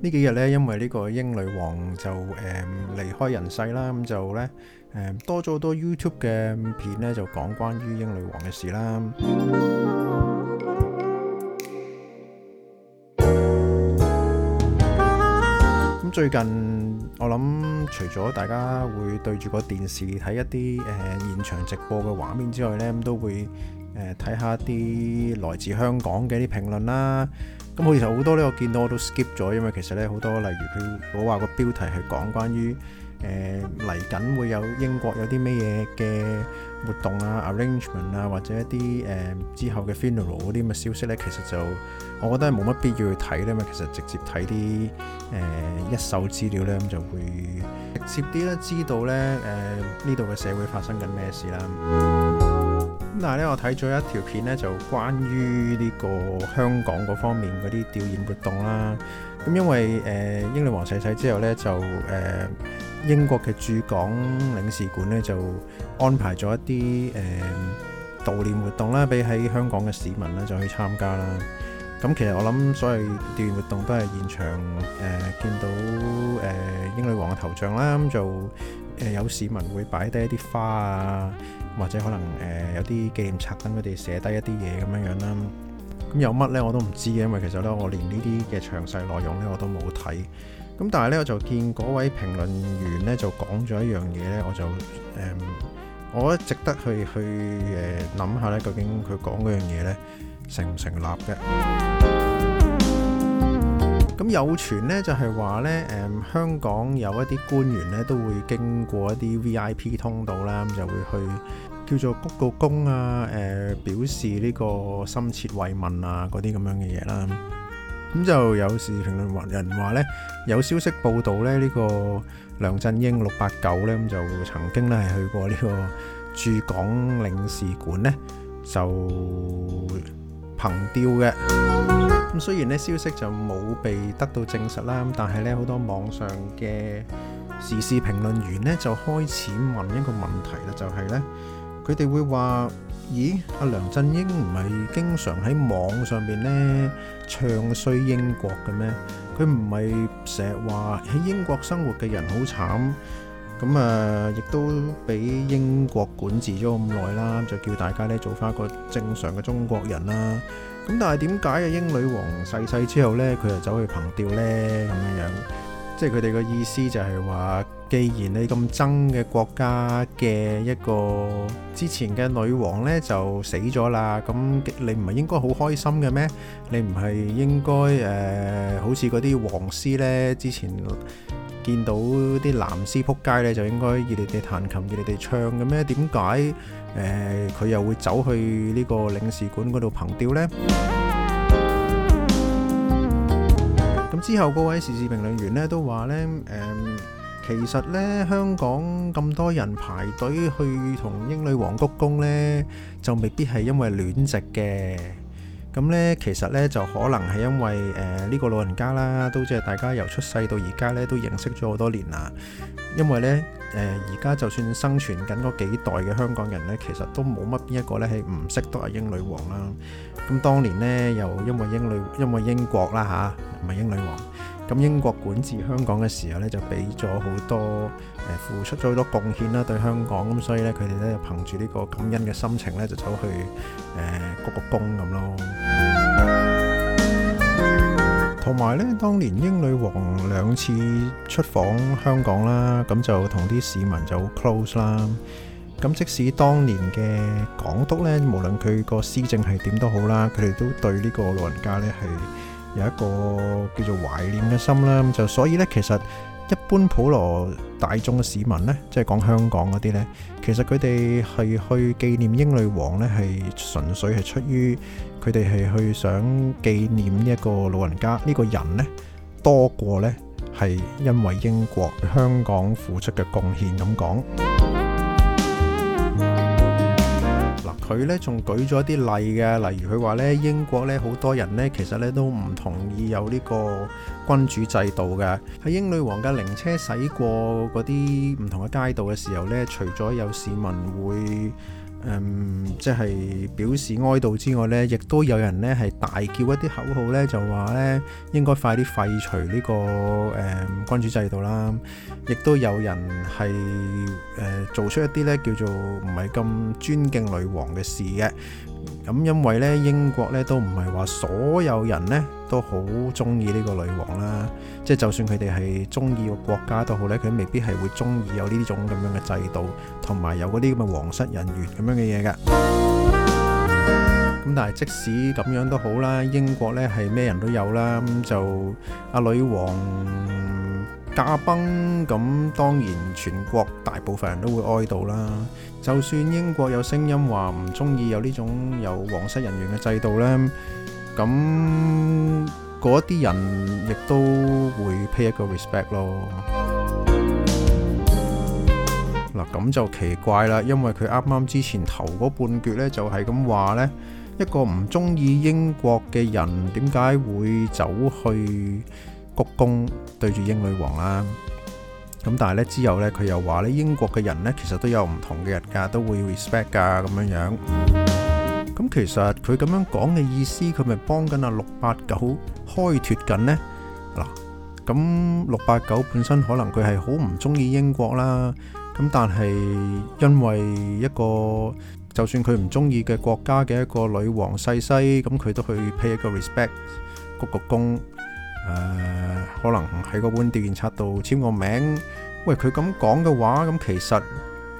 呢幾日呢，因為呢個英女王就誒、嗯、離開人世啦，咁就呢、嗯、多咗好多 YouTube 嘅片呢，就講關於英女王嘅事啦。咁 最近。咁除咗大家會對住個電視睇一啲誒、呃、現場直播嘅畫面之外呢，咁都會誒睇下啲來自香港嘅啲評論啦。咁好似實好多呢，我見到我都 skip 咗，因為其實呢，好多例如佢我話個標題係講關於。誒嚟緊會有英國有啲咩嘢嘅活動啊、arrangement 啊，或者一啲誒、呃、之後嘅 funeral 嗰啲咁嘅消息呢？其實就我覺得冇乜必要去睇咧，咁其實直接睇啲誒一手資料呢，咁就會直接啲咧，知道咧誒呢度嘅、呃、社會發生緊咩事啦。但係咧，我睇咗一條片呢，就關於呢個香港嗰方面嗰啲吊唁活動啦。咁因為誒、呃、英女王逝世之後呢，就誒。呃英國嘅駐港領事館咧就安排咗一啲誒、呃、悼念活動啦，俾喺香港嘅市民咧就去參加啦。咁其實我諗，所謂悼念活動都係現場誒、呃、見到誒、呃、英女王嘅頭像啦，咁就誒有市民會擺低一啲花啊，或者可能誒、呃、有啲紀念冊等佢哋寫低一啲嘢咁樣樣啦。咁有乜咧我都唔知，因為其實咧我連呢啲嘅詳細內容咧我都冇睇。咁但係咧，我就見嗰位評論員咧就講咗一樣嘢咧，我就誒、嗯，我覺得值得去去誒諗、呃、下咧，究竟佢講嗰樣嘢咧成唔成立嘅？咁 有傳咧就係話咧，誒、嗯、香港有一啲官員咧都會經過一啲 VIP 通道啦，咁、嗯、就會去叫做鞠個躬啊，誒、呃、表示呢個深切慰問啊，嗰啲咁樣嘅嘢啦。咁就有時評論人話呢，有消息報道呢，呢個梁振英六八九呢，咁就曾經呢係去過呢個駐港領事館呢，就憑吊嘅。咁雖然呢消息就冇被得到證實啦，咁但係呢好多網上嘅時事評論員呢就開始問一個問題啦，就係呢，佢哋會話。咦，阿梁振英唔係經常喺網上面咧唱衰英國嘅咩？佢唔係成日話喺英國生活嘅人好慘，咁啊、呃，亦都俾英國管治咗咁耐啦，就叫大家咧做翻一個正常嘅中國人啦。咁但係點解啊英女王逝世之後咧，佢就走去憑吊呢？咁樣樣？即係佢哋嘅意思就係話。既然你咁憎嘅國家嘅一個之前嘅女王咧就死咗啦，咁你唔係應該好開心嘅咩？你唔係應該誒，好似嗰啲黃絲咧，之前見到啲藍絲仆街咧，就應該熱烈地彈琴、熱烈地唱嘅咩？點解誒佢又會走去呢個領事館嗰度憑吊咧？咁之後嗰位時事評論員咧都話咧誒。其實咧，香港咁多人排隊去同英女王鞠躬咧，就未必係因為戀殖嘅。咁咧，其實咧就可能係因為誒呢個老人家啦，都即係大家由出世到而家咧都認識咗好多年啦。因為咧誒而家就算生存緊嗰幾代嘅香港人咧，其實都冇乜邊一個咧係唔識得係英女王啦。咁當年咧又因為英女因為英國啦嚇，唔係英女王。咁英國管治香港嘅時候呢，就俾咗好多誒、呃，付出咗好多貢獻啦、啊，對香港咁，所以呢，佢哋呢就憑住呢個感恩嘅心情呢，就走去誒鞠個躬咁咯。同埋 呢當年英女王兩次出訪香港啦，咁就同啲市民就好 close 啦。咁即使當年嘅港督呢，無論佢個施政係點都好啦，佢哋都對呢個老人家呢係，有一個叫做懷念嘅心啦，就所以呢，其實一般普羅大眾嘅市民呢，即係講香港嗰啲呢，其實佢哋係去紀念英女王呢，係純粹係出於佢哋係去想紀念呢一個老人家呢、呢個人呢，多過呢，係因為英國香港付出嘅貢獻咁講。佢咧仲舉咗啲例嘅，例如佢話咧，英國咧，好多人咧，其實咧，都唔同意有呢個君主制度嘅。喺英女王嘅靈車駛過嗰啲唔同嘅街道嘅時候咧，除咗有市民會。誒、嗯，即係表示哀悼之外呢，亦都有人呢係大叫一啲口號呢，就話呢應該快啲廢除呢、呢個誒、嗯、君主制度啦。亦都有人係、呃、做出一啲呢叫做唔係咁尊敬女王嘅事嘅。咁因為咧，英國咧都唔係話所有人咧都好中意呢個女王啦，即係就算佢哋係中意個國家都好咧，佢未必係會中意有呢種咁樣嘅制度，同埋有嗰啲咁嘅皇室人員咁樣嘅嘢㗎。咁 但係即使咁樣都好啦，英國咧係咩人都有啦，咁就阿女王駕崩咁，當然全國大部分人都會哀悼啦。就算英國有聲音話唔中意有呢種有皇室人員嘅制度咧，咁嗰啲人亦都會 pay 一個 respect 咯。嗱，咁就奇怪啦，因為佢啱啱之前頭嗰半橛咧，就係咁話咧，一個唔中意英國嘅人點解會走去？鞠躬對住英女王啦，咁但係咧之後咧，佢又話咧英國嘅人咧其實都有唔同嘅人噶，都會 respect 噶咁樣樣。咁其實佢咁樣講嘅意思，佢咪幫緊阿六八九開脱緊咧？嗱，咁六八九本身可能佢係好唔中意英國啦，咁但係因為一個就算佢唔中意嘅國家嘅一個女王逝世，咁佢都去 pay 一個 respect 鞠鞠躬。誒、呃，可能喺個弔唁冊度簽個名。喂，佢咁講嘅話，咁其實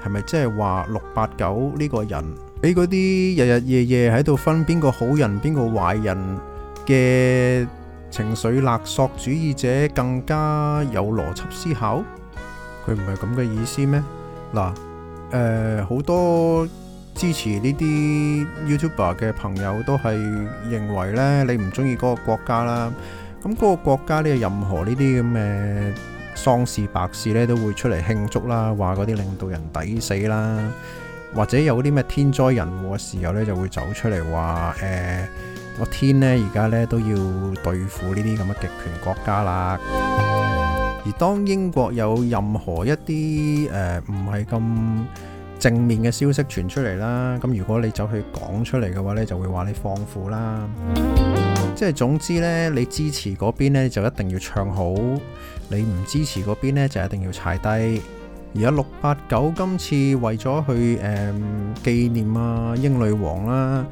係咪即係話六八九呢個人比嗰啲日日夜夜喺度分邊個好人邊個壞人嘅情緒勒索主義者更加有邏輯思考？佢唔係咁嘅意思咩？嗱，誒、呃，好多支持呢啲 YouTuber 嘅朋友都係認為呢，你唔中意嗰個國家啦。咁嗰個國家呢，有任何呢啲咁嘅喪事白事呢，都會出嚟慶祝啦，話嗰啲領導人抵死啦，或者有啲咩天災人禍嘅時候呢，就會走出嚟話，誒、呃、個天呢，而家呢，都要對付呢啲咁嘅極權國家啦、呃。而當英國有任何一啲誒唔係咁正面嘅消息傳出嚟啦，咁如果你走去講出嚟嘅話呢，就會話你放負啦。即係總之呢，你支持嗰邊呢就一定要唱好，你唔支持嗰邊呢就一定要踩低。而家六八九今次為咗去誒、嗯、紀念啊英女王啦，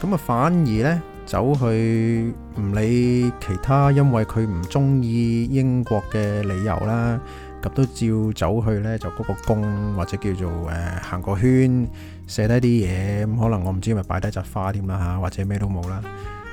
咁啊反而呢走去唔理其他，因為佢唔中意英國嘅理由啦，咁都照走去呢，就鞠個躬，或者叫做誒、呃、行個圈，寫低啲嘢，咁可能我唔知咪擺低紮花添啦吓，或者咩都冇啦。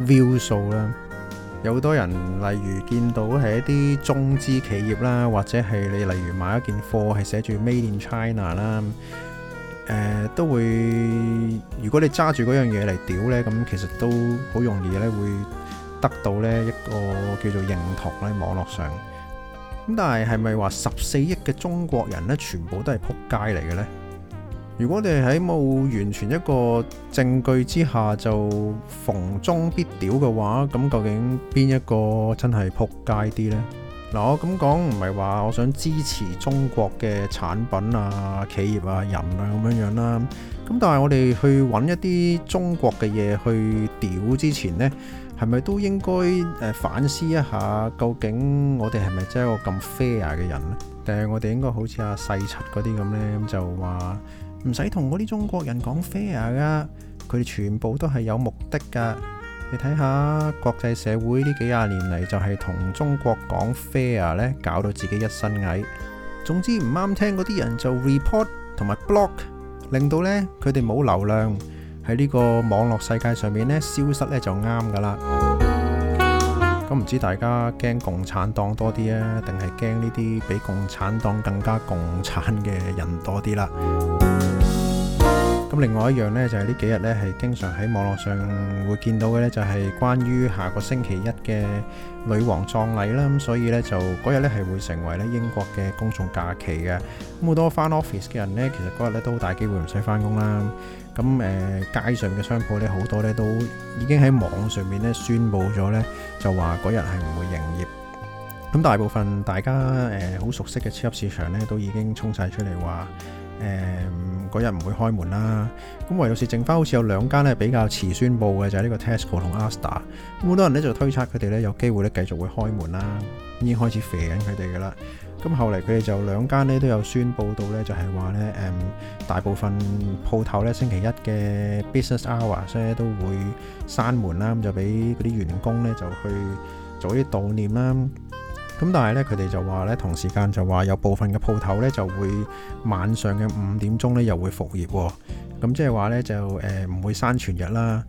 view 數啦，有好多人，例如見到係一啲中資企業啦，或者係你例如買一件貨係寫住 Made in China 啦、呃，誒都會，如果你揸住嗰樣嘢嚟屌呢，咁其實都好容易呢會得到呢一個叫做認同喺網絡上。咁但係係咪話十四億嘅中國人呢，全部都係仆街嚟嘅呢？如果我哋喺冇完全一個證據之下就逢中必屌嘅話，咁究竟邊一個真係撲街啲呢？嗱，我咁講唔係話我想支持中國嘅產品啊、企業啊、人啊咁樣樣啦。咁但係我哋去揾一啲中國嘅嘢去屌之前呢，係咪都應該誒反思一下？究竟我哋係咪真係一個咁 fair 嘅人呢？定係我哋應該好似阿細柒嗰啲咁呢，就話，唔使同嗰啲中國人講 fair 噶，佢哋全部都係有目的噶。你睇下國際社會呢幾廿年嚟就係同中國講 fair 咧，搞到自己一身蟻。總之唔啱聽嗰啲人就 report 同埋 block，令到呢佢哋冇流量喺呢個網絡世界上面咧消失呢，就啱噶啦。咁 唔、嗯、知大家驚共產黨多啲啊，定係驚呢啲比共產黨更加共產嘅人多啲啦？咁另外一樣咧，就係呢幾日咧，係經常喺網絡上會見到嘅咧，就係關於下個星期一嘅女王葬禮啦。咁所以咧，就嗰日咧係會成為咧英國嘅公眾假期嘅。咁好多返 office 嘅人咧，其實嗰日咧都好大機會唔使返工啦。咁誒，街上嘅商鋪咧，好多咧都已經喺網上面咧宣佈咗咧，就話嗰日係唔會營業。咁大部分大家誒好熟悉嘅超級市場咧，都已經衝曬出嚟話。誒嗰日唔會開門啦，咁唯有是剩翻好似有兩間咧比較遲宣佈嘅就係呢個 Tesco 同 Asda，咁好多人咧就推測佢哋咧有機會咧繼續會開門啦，已經開始肥緊佢哋噶啦，咁後嚟佢哋就兩間咧都有宣佈到咧就係話咧誒大部分鋪頭咧星期一嘅 business hours 咧都會閂門啦，咁就俾嗰啲員工咧就去做啲悼念啦。咁但係咧，佢哋就話咧，同時間就話有部分嘅鋪頭咧，就會晚上嘅五點鐘咧，又會復業喎。咁即係話咧，就誒唔、呃、會閂全日啦。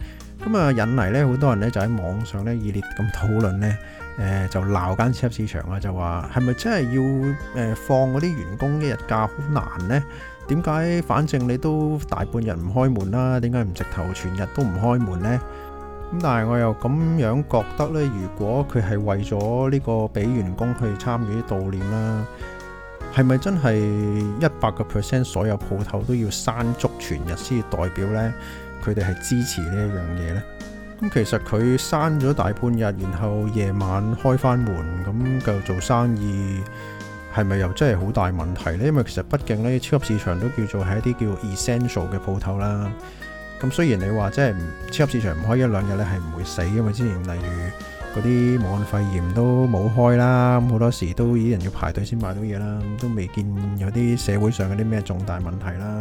咁、嗯、啊引嚟咧，好多人咧就喺網上咧熱烈咁討論咧，誒、呃、就鬧間超級市場啊，就話係咪真係要誒、呃、放嗰啲員工一日假好難呢？點解反正你都大半日唔開門啦，啊？點解唔直頭全日都唔開門呢？咁但係我又咁樣覺得呢，如果佢係為咗呢個俾員工去參與啲悼念啦，係咪真係一百個 percent 所有鋪頭都要閂足全日先至代表呢？佢哋係支持呢一樣嘢呢？咁其實佢閂咗大半日，然後夜晚開翻門，咁繼續做生意，係咪又真係好大問題呢？因為其實畢竟呢，超級市場都叫做係一啲叫 essential 嘅鋪頭啦。咁雖然你話即係超級市場唔開一兩日咧，係唔會死，因為之前例如嗰啲新冠肺炎都冇開啦，咁好多時都已經要排隊先買到嘢啦，都未見有啲社會上嘅啲咩重大問題啦。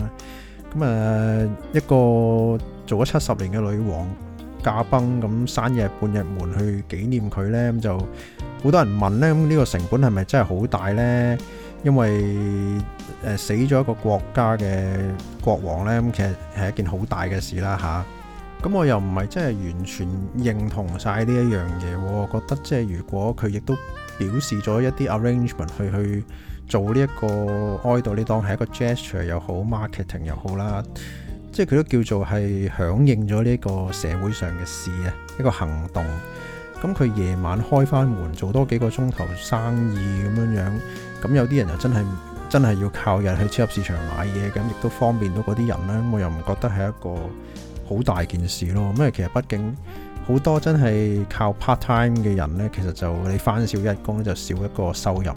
咁啊，一個做咗七十年嘅女王駕崩，咁生日半日門去紀念佢呢，咁就好多人問呢，咁、這、呢個成本係咪真係好大呢？因為誒、呃、死咗一個國家嘅國王呢，其實係一件好大嘅事啦吓，咁、啊、我又唔係真係完全認同晒呢一樣嘢，我覺得即係如果佢亦都表示咗一啲 arrangement 去去做呢一個哀悼，呢當係一個 gesture 又好、marketing 又好啦，即係佢都叫做係響應咗呢一個社會上嘅事啊，一個行動。咁佢夜晚開翻門做多幾個鐘頭生意咁樣樣。咁有啲人又真係真係要靠日去超級市場買嘢，咁亦都方便到嗰啲人啦。我又唔覺得係一個好大件事咯。因為其實畢竟好多真係靠 part time 嘅人呢，其實就你翻少一日工咧，就少一個收入。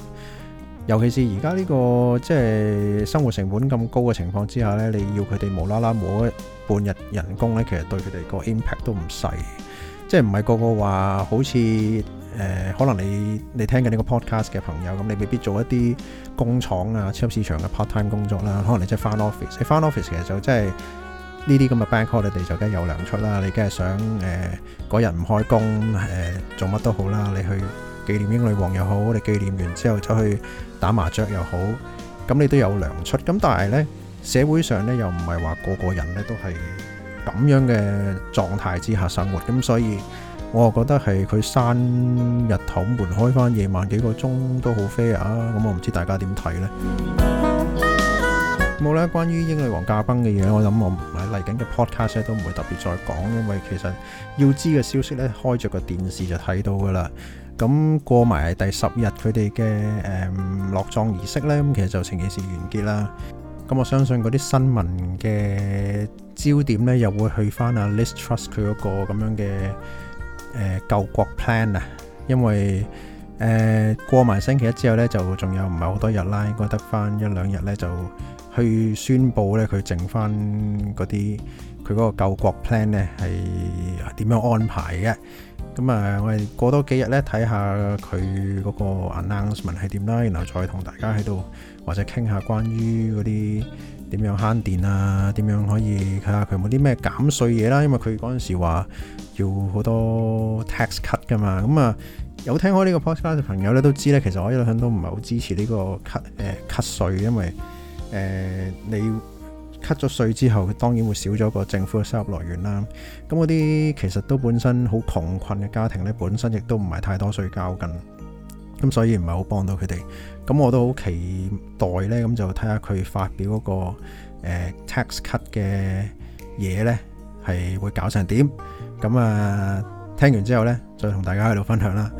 尤其是而家呢個即係、就是、生活成本咁高嘅情況之下呢，你要佢哋無啦啦冇一半日人工呢，其實對佢哋個 impact 都唔細。即係唔係個個話好似？誒可能你你聽緊呢個 podcast 嘅朋友，咁你未必做一啲工廠啊、超級市場嘅 part time 工作啦。可能你即係翻 office，你翻 office 其實就即係呢啲咁嘅 bank call，你哋就梗係有糧出啦。你梗係想誒嗰日唔開工誒做乜都好啦，你去紀念英女王又好，你紀念完之後走去打麻雀又好，咁你都有糧出。咁但係呢社會上呢又唔係話個個人呢都係咁樣嘅狀態之下生活，咁所以。我又覺得係佢山日頭門開翻，夜晚幾個鐘都好飛啊。咁我唔知大家點睇呢？冇咧、嗯，關於英女王駕崩嘅嘢，我諗我喺嚟緊嘅 podcast 都唔會特別再講，因為其實要知嘅消息呢，開着個電視就睇到噶啦。咁、嗯、過埋第十日，佢哋嘅誒落葬儀式呢，咁其實就成件事完結啦。咁、嗯、我相信嗰啲新聞嘅焦點呢，又會去翻啊。Liz Truss 佢嗰個咁樣嘅。誒，救國 plan 啊，因為誒過埋星期一之後咧，就仲有唔係好多日啦，應該得翻一兩日咧，就去宣佈咧，佢剩翻嗰啲佢嗰個救國 plan 咧係點樣安排嘅。咁啊，我哋過多幾日咧睇下佢嗰個 announcement 係點啦，然後再同大家喺度或者傾下關於嗰啲。點樣慳電啊？點樣可以睇下佢有冇啲咩減稅嘢啦？因為佢嗰陣時話要好多 tax cut 噶嘛。咁啊，有聽開呢個 postcard 嘅朋友咧都知咧，其實我一向都唔係好支持呢個 cut 誒、呃、cut 稅，因為誒、呃、你 cut 咗稅之後，當然會少咗個政府嘅收入來源啦。咁嗰啲其實都本身好窮困嘅家庭咧，本身亦都唔係太多稅交緊。咁所以唔係好幫到佢哋，咁我都好期待呢，咁就睇下佢發表嗰個、呃、tax cut 嘅嘢呢，係會搞成點？咁啊，聽完之後呢，再同大家喺度分享啦。